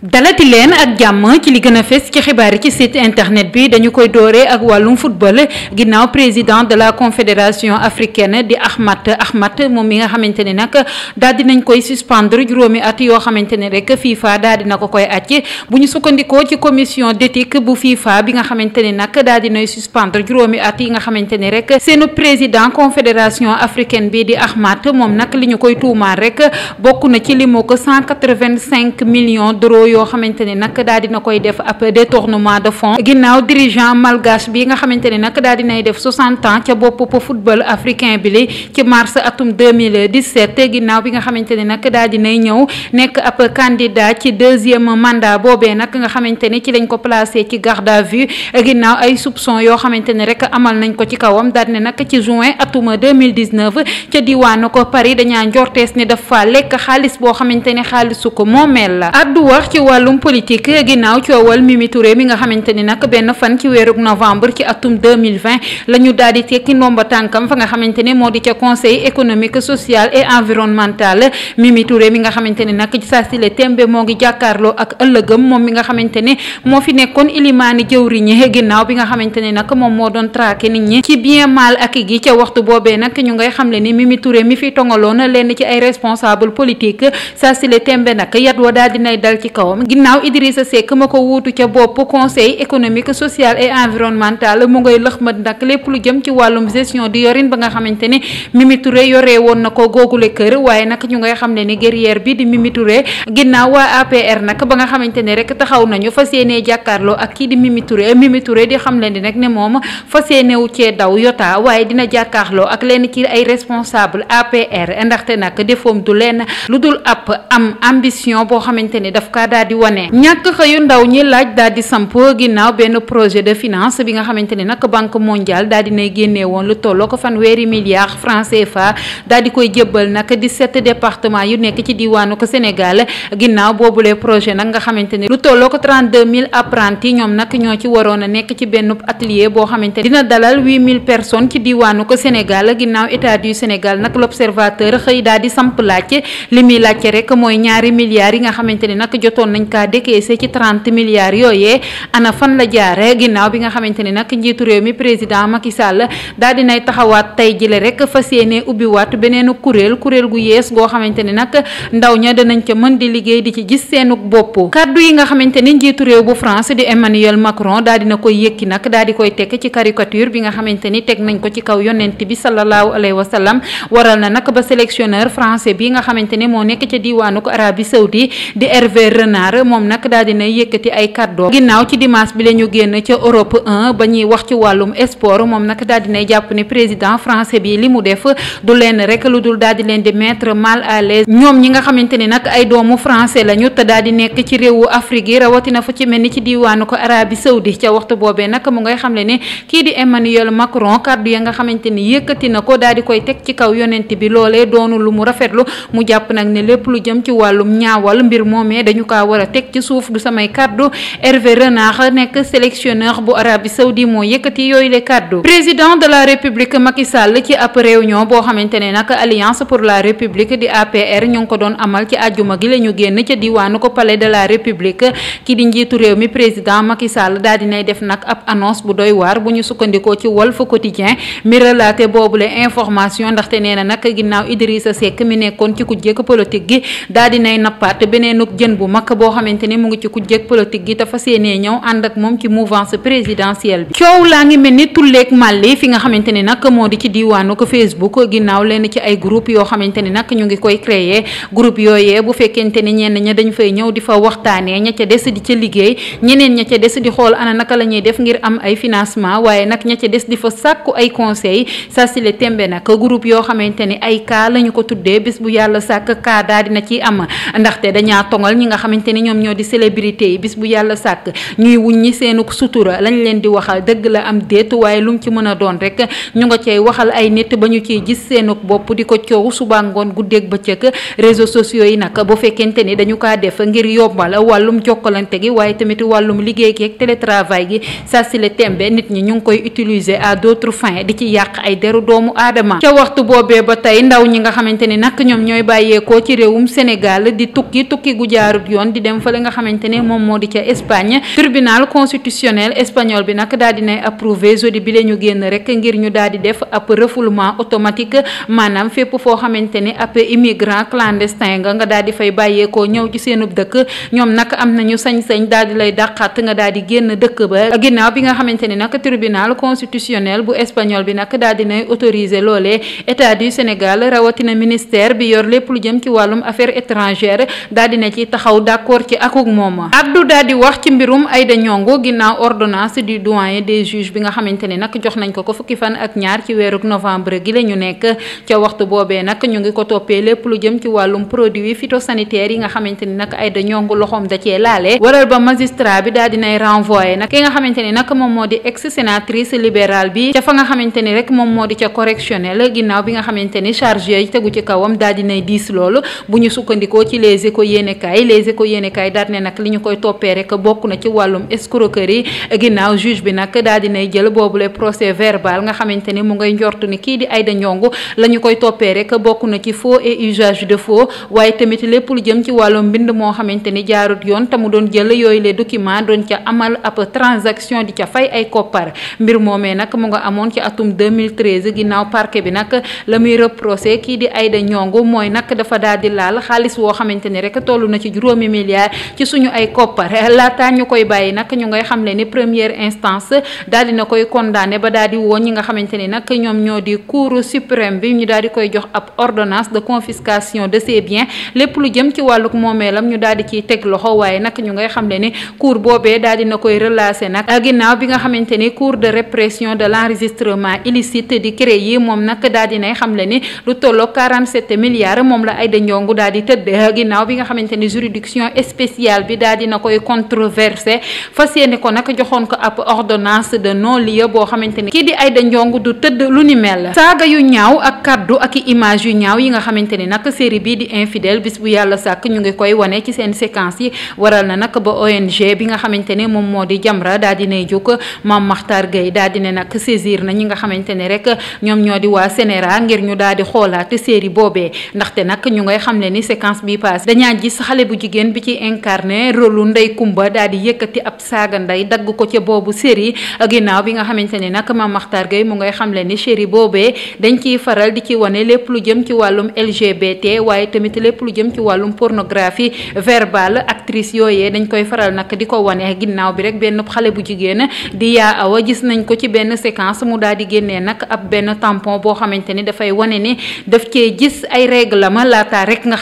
dalati leen ak jàmm ci li gën a fes ci xibaar yi ci site internet bi dañu koy dooree ak wàllum football ginnaaw président de la confédération africaine di Ahmad Ahmad moom mi nga xamante ne nag daal nañ koy suspendre juróomi at yoo xamante ne rek FIFA daal na ko koy acc bu ñu sukkandikoo ci commission d'éthique bu FIFA bi nga xamante ne nag daal dinay suspendre juróomi at yi nga xamante ni rek seenu président confédération africaine bi di Ahmad moom nag li ñu koy tuumaal rek bokk na ci li mu ko 185 millions d'euros yoo xamante ne nag daal dina koy def ab détournement de fonds ginnaaw dirigeant malgache bi nga xamante ne nag daal dinay def 60 ans ca bopp football africain bi li ci mars atum 2017 ginnaaw bi nga xamante ne nag dinay ñëw nekk ab candidat ci deuxième mandat boobee nag nga xamante ci lañ ko placé ci garde à vue ginnaaw ay soupçon yoo xamante ne rek amal nañ ko ci kawam daal ne nag ci juin atum 2019 mille diwaanu ko Paris dañaa njortees ne dafa lekk xaalis boo xamante ne xaalisu ko moomeel ci wàllum politique ginnaaw coowal Mimi Touré mi nga xamante ni nag benn fan ci weeruk novembre ci atum 2020 la ñu daal di tekki ndomba tànkam fa nga xamante ne moo di ca conseil économique social et environnemental Mimi ture mi nga xamante ni nag saa si le tembe moo ngi jàkkaarloo ak ëllëgëm moom mi nga xamante ne moo fi nekkoon ilimaani jëwriñe ginnaaw bi nga xamante ne nag moom moo doon traqué nit ñi ci bien mal ak gi ca waxtu boobee nag ñu ngay xamle ni Mimi Touré mi fi tongaloon lenn ci ay responsable politique saa si tembe nag yat wa daal nay dal ci kaw gannaawam ginnaaw Idrissa Seck ma ko wuutu ca bopp conseil économique social et environnemental mu ngay lëxmat nag lépp lu jëm ci wàllum gestion di yorin ba nga xamante ne Mimi woon na ko googule kër waaye nag ñu ngay xam ne ni guerrière bi di Mimi Touré ginnaaw waa APR nag ba nga xamante ne rek taxaw nañu fas yéenee jàkkaarloo ak kii di Mimi Touré di xam leen di ne moom fas yéenewu cee daw yotaa waaye dina jàkkaarloo ak lenn ci ay responsable daal di wane ñàkk xëyu ndaw ñi laaj daal di samp ginnaaw benn projet de finance bi nga xamante ne nag banque mondiale daal di nay génnee woon lu tolloo ko fanweeri milliards francs CFA daal di koy jébbal nag dix-sept départements yu nekk ci diwaanu ko Sénégal ginnaaw boobule projet nag nga xamante ne lu tolloo ko trente-deux mille apprentis ñoom a nekk ci benn atelier boo xamante dina dalal huit mille personnes ci diwaanu ko Sénégal ginnaaw état du Sénégal nag l'observateur xëy daal di samp laaj li muy laajte rek mooy ñaari milliards yi nga xamante ne nag bëggoon nañ kaa décaissé ci 30 milliards yooyee ana fan la jaare ginnaaw bi nga xamante ne nag njiitu réew mi président Macky Sall daal dinay taxawaat tey jile rek fas yéene ubbiwaat beneen kuréel kuréel gu yees goo xamante ne nag ndaw ña danañ ca mën di liggéey di ci gis seenuk bopp kàddu yi nga xamante ni njiitu réew bu France di Emmanuel Macron daal dina koy yëkki nag daal di koy tekk ci caricature bi nga xamante ni teg nañ ko ci kaw yonent bi sallallahu alayhi wa sallam waral na nag ba sélectionneur français gànnaar moom nag daal dina yëkkati ay kàddoo ginnaaw ci dimanche bi la ñu génn ca Europe 1 ba ñuy wax ci wàllum sport moom nag daal dinay jàpp ne président français bi li mu def du leen rek lu dul daal di leen di mettre mal à l'aise ñoom ñi nga xamante ni nag ay doomu français lañu te daal di nekk ci réewu Afrique yi rawatina fu ci mel ni ci diiwaanu ko Arabie Saoudi ca waxtu boobee nag mu ngay xamle ne kii di Emmanuel Macron kàddu ya nga xamante ni yëkkati na ko daal di koy teg ci kaw yonent bi loolee doonu lu mu rafetlu war a teg ci suuf du samay kàddu Hervé Renard nekk sélectionneur bu Arabie Saoudi moo yëkkati yooyu le kàddu président de la république Macky Sall ci ab réunion boo xamante ne nag alliance pour la république di APR ñu ngi ko doon amal ci àjjuma gi la ñu génn ca diwaanu ko palais de la république ki di njiitu réew mi président Macky Sall di nay def nag ab annonce bu doy waar bu ñu sukkandikoo ci Walf Quotidien mi relaté boobule information ndaxte nee na nag ginnaaw Idrissa Seck mi nekkoon ci ku jékk politique mag boo xamante ne mu ngi ci kujjeg politique gi dafa séenee ñëw ànd ak moom ci mouvance présidentielle bi coow laa ngi mel ni tulleeg màlli fi nga xamante ne moo di ci diiwaanu ko Facebook ginnaaw leen ci ay groupe yoo xamante ne ñu ngi koy créer groupe yooyee bu fekkente ne ñenn ña dañ fay ñëw di fa waxtaanee ña ca des di ca liggéey ñeneen ña ca des di xool ana naka la ñuy def ngir am ay financement waaye nag ña ca des di fa sàkku ay conseil sa si tembe nag groupe yoo xamante ne ay cas la ko tuddee bés bu yàlla sàkk cas daa dina ciy am xamante ni ñoom ñoo di célébrité yi bis bu yàlla sàkk ñuy wuññi seenu sutura lañ leen di waxal dëgg la am déet waaye lu mu ci mën a doon rek ñu nga cay waxal ay nit ba ñu ciy gis seenu bopp di ko coow suba ngoon guddeeg bëccëg réseaux sociaux yi nag bu fekkente ni dañu kaa def ngir yombal wàllum jokkalante gi waaye tamit wàllum liggéey gi ak télétravail gi saa si tembe nit ñi ñu ngi koy utiliser à d'autres fins di ci yàq ay deru doomu aadama ca waxtu boobee ba tey ndaw ñi nga xamante ni nag ñoom ñooy bàyyeekoo ci réewum Sénégal di tukki tukki gu jaarut yoon yoon di dem fële nga xamante ne moom moo di ca Espagne tribunal constitutionnel espagnol bi nag daal di nay approuvé jeudi bi la ñu génn rek ngir ñu daal di def ab refoulement automatique maanaam fépp foo xamante ne app immigrant clandestin nga nga daal di fay bàyyeekoo ñëw ci seenub dëkk ñoom nag am nañu sañ-sañ daal di lay dàqaat nga daal di génn dëkk ba ginnaaw bi nga xamante ne nag tribunal constitutionnel bu espagnol bi nag daal di nay autorisé loolee état du Sénégal rawatina ministère bi yor lépp lu jëm ci wàllum affaires étrangères d'accord ci akuk mooma Abdou daldi wax ci mbirum Aïda Ndiongo ginnaaw ordonnance du doyen bi nga xamante ne nag jox nañ ko ko fukki fan ak ñaar ci weeruk novembre gi ñu nekk ca waxtu boobee nag ñu ngi ko toppee lépp lu jëm ci wàllum produit phytosanitaire yi nga xamante ni nag Aïda Ndiongo loxoom da cee laale waral ba magistrat bi daal dinay renvoyé nag ki nga xamante ni nag moom moo di ex sénatrice libérale bi ca fa nga xamante ni rek moom moo di ca correctionnel ginnaaw bi nga xamante ni chargé tegu ci kawam daal dinay diis loolu bu ñu sukkandikoo ci les échos yéenekaay les échos yéene kay daal ne nag li ñu koy toppee rek bokk na ci wàllum escroquerie ginnaaw juge bi nag daal dinay jël la procès verbal nga xamante ni mu ngay njort ni kii di Aïda Ndiongue bokk na ci faux et usage de faux waaye tamit lépp lu jëm ci wàllum mbind moo xamante ni jaarut yoon te mu doon jël yooyu les documents doon ca amal ab transaction di ca fay ay koppar mbir moomee nag mu nga amoon ci atum 2013 ginnaaw parquet bi nag la muy reprocé kii di Aïda Ndiongue mooy nag dafa daal laal xaalis milliards ci suñu ay koppar laataa ñu koy bàyyi nag ñu ngay xam ni première instance daal dina koy condamné ba daal di woon ñi nga xamante ni nag ñoom ñoo di cour suprême bi ñu daal koy jox ab ordonnance de confiscation de ses biens lépp lu jëm ci wàlluk moomeelam ñu daal di ciy teg loxo waaye nag ñu ngay xam ne ni cour boobee daal dina koy relâché nag ginnaaw bi nga xamante ni cour de répression de l' enregistrement illicite di CREI yi moom nag daal dinay xam le ni lu tolloo 47 milliards moom la Aïda Ndiongue daal di tëdd ginnaaw bi nga xamante commission spéciale bi daal dina koy controversé fas yéene ko nag joxoon ko ab ordonnance de non lieu boo xamante ni kii di ay Aïda Ndiongue du tëdd lu ni mel saaga yu ñaaw ak kaddu ak image yu ñaaw yi nga xamante ni nag série bii di infidèle bis bu yàlla sàkk ñu ngi koy wane ci seen séquence yi waral na nag ba ONG bi nga xamante ne moom moo di Jamra daal dinay jóg Mame Makhtar dal daal dina nag saisir na ñi nga xamante ni rek ñoom ñoo di waa Sénéra ngir ñu daal di xoolaat série boobee bi ci incarné rôlu Ndey Kumba daal di yëkkati ab saaga ndey dagg ko ca boobu série ginnaaw bi nga xamante ne nag Mame Makhtar Gueye mu ngay xamle ni série boobee dañ ciy faral di ci wone lépp lu jëm ci wàllum LGBT waaye tamit lépp lu jëm ci wàllum pornographie verbale actrice yooyee dañ koy faral nak di ko wane ginnaaw bi rek benn xale bu jigéen di yaa awa gis nañ ko ci benn séquence mu daal di génnee nag ab benn tampon boo xamante ni dafay wane ni daf cee gis ay règlement rek nga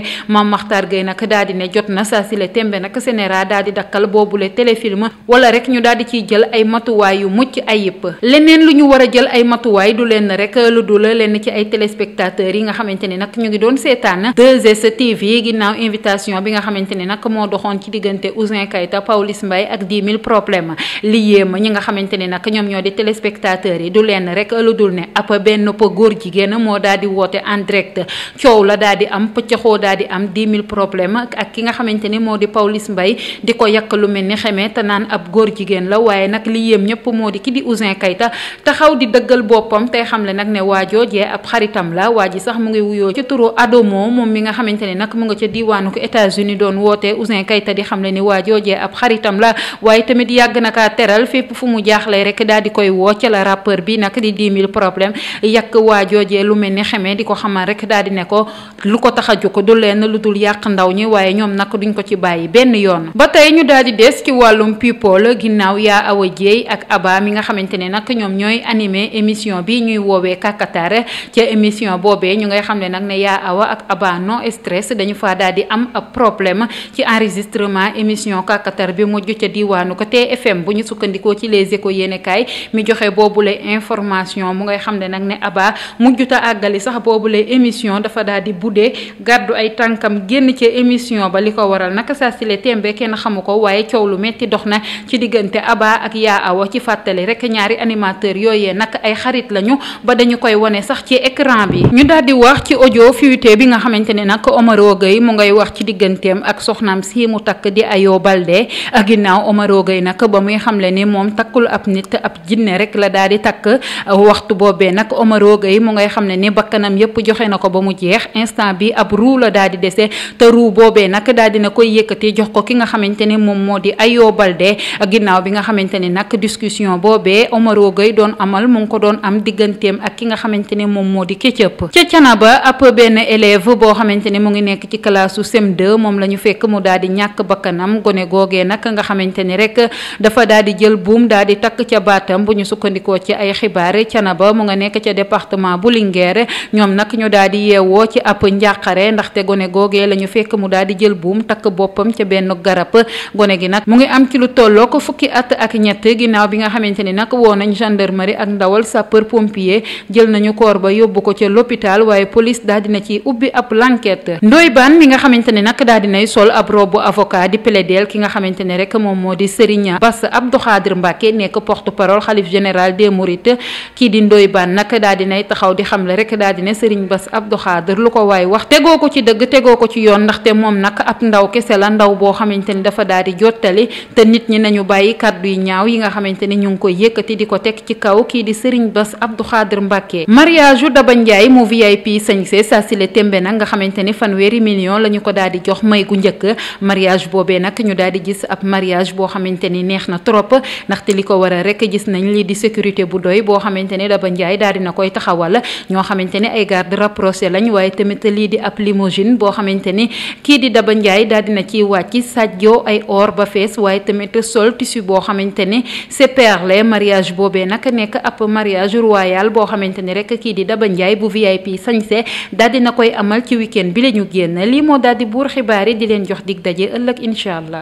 boobule Mame Makhtar Gueye nag daal di ne jot na saa si le tembe nag sénéra daal di dakkal boobule téléfilm wala rek ñu daal di ciy jël ay matuwaay yu mucc ayib leneen lu ñu war a jël ay matuwaay du leen rek lu dul lenn ci ay téléspectateurs yi nga xamante ni nag ñu ngi doon seetaan 2STV ginnaaw invitation bi nga xamante ni nag moo doxoon ci diggante Ouzin Keita Pawlish Mbaye ak 10 000 problèmes li yéem ñi nga xamante ni nag ñoom ñoo di téléspectateurs yi du leen rek lu dul ne ab benn góor jigéen moo daal di woote en direct coow la daal am pëccaxoo daal daal di am 10 000 problème ak ki nga xamante ni moo di Pawlish Mbaye di ko yàq lu mel ni xeme te naan ab góor jigéen la waaye nag li yéem ñëpp moo di ki di Ouzin Keita xaw di dëggal boppam tey xam le nag ne waajoojee ab xaritam la waa ji sax mu ngi wuyoo ci turu Adamo moom mi nga xamante ne nag mu nga ca diwaanu ko États-Unis doon wootee Ouzin Keita di xam le ni waajoojee ab xaritam la waaye tamit yàgg na ka teral fépp fu mu jaaxle rek daal di koy woo ca la rappeur bi nag di 10 000 problème yàq waajoojee lu mel ni xeme di ko xamal leen lu dul yàq ndaw ñi waaye ñoom nag duñ ko ci bàyyi benn yoon ba tey ñu daal di des ci wàllum people ginnaaw yaa awa jéey ak aba mi nga xamante ne nag ñoom ñooy animé émission bi ñuy woowee kàkkataar ca émission boobee ñu ngay xam ne nag ne yaa awa ak aba non stress dañu daal di am ab problème ci enregistrement émission kàkkatar bi mujj ca diwaanu ko TFM bu ñu sukkandikoo ci les échos yéenekaay mi mu ngay xam ne nag ne aba mujjuta àggali sax boobule émission dafa daal di gàddu ay ay tànkam génn ci émission ba li ko waral naka saa si le tembe kenn xamu ko waaye coow lu metti dox na ci diggante Aba ak Yaa Awa ci fàttali rek ñaari animateur yooyee nag ay xarit lañu ba dañu koy wone sax ci écran bi ñu daal di wax ci ojo fuité bi nga xamante ne nag Omaro yi mu ngay wax ci digganteem ak soxnaam si mu takk di Ayo balde ak ginnaaw Omaro Gueye nag ba muy xamle ni moom takkul ab nit ab jinne rek la daal di takk waxtu boobee nag Omaro Gueye mu ngay xam ne ni bakkanam daal di dese te ruu boobee nag daal dina koy yëkkati jox ko ki nga xamante ne moom moo di Ayo Baldé ginnaaw bi nga xamante ne nag discussion boobee Omaro Gueye doon amal mu ngi ko doon am digganteem ak ki nga xamante ne moom moo di Ketchup ca Canaba ab benn élève boo xamante ne mu ngi nekk ci classe CM2 moom la ñu fekk mu daal di ñàkk bakkanam gone googee nag nga xamante ne rek dafa daal di jël buum daal di takk ca baatam bu ñu sukkandikoo ci ay x Canaba mu nga nekk ca département bu Linguère ñoom gone googee la ñu daal di jël buum takk boppam ca benn garab gone gi nag mu ngi am ci lu tolloo ko fukki at ak ñett ginnaaw bi nga xamante ni nag woo nañ gendarmerie ak ndawal sapeur pompier jël nañu koor ba yóbbu ko ca l'hôpital waaye police daal dina ci ubbi ab l'enquête ndoy baan mi nga xamante ne nag daal dinay sol ab robu avocat di plaider ki nga xamante ne rek moom moo di Serigne Bass Abdou Khadre Mbacké nekk porte parole xalif général des Mourides kii di ndoy baan nag daal nay taxaw di xam le rek daal dina Serigne Bass Abdou Khadre lu ko waay wax tegoo ko ci dëgg dëgg tegoo ko ci yoon ndaxte moom nag ab ndaw kese la ndaw boo xamante ni dafa daal di jottali te nit ñi nañu bàyyi kàddu yi ñaaw yi nga xamante ni ñu ngi koy yëkkati di ko teg ci kaw kii di Serigne Bass Abdou Khadir Mbacke mariage u Daba Ndiaye mu VIP sañse saa sile tembe nag nga xamante ni fanweeri million la ñu ko daal di jox may ku njëkk mariage boobee nag ñu daal di gis ab mariage boo xamante ni neex na trop ndaxte li ko war a rek gis nañ lii di sécurité bu doy boo xamante ni Daba Ndiaye daal dina koy taxawal ñoo xamante ni ay garde machine boo xamante ni kii di Daba Ndiaye daal dina ciy wàcc sajjoo ay or ba fees waaye tamit sol tissu boo xamante ni c'est mariage boobee nag nekk ab mariage royal boo xamante ni rek kii di Daba Ndiaye bu VIP sañse daal na koy amal ci week bi la ñu génn lii moo daal di buur xibaar yi di leen jox dig daje ëllëg incha allah.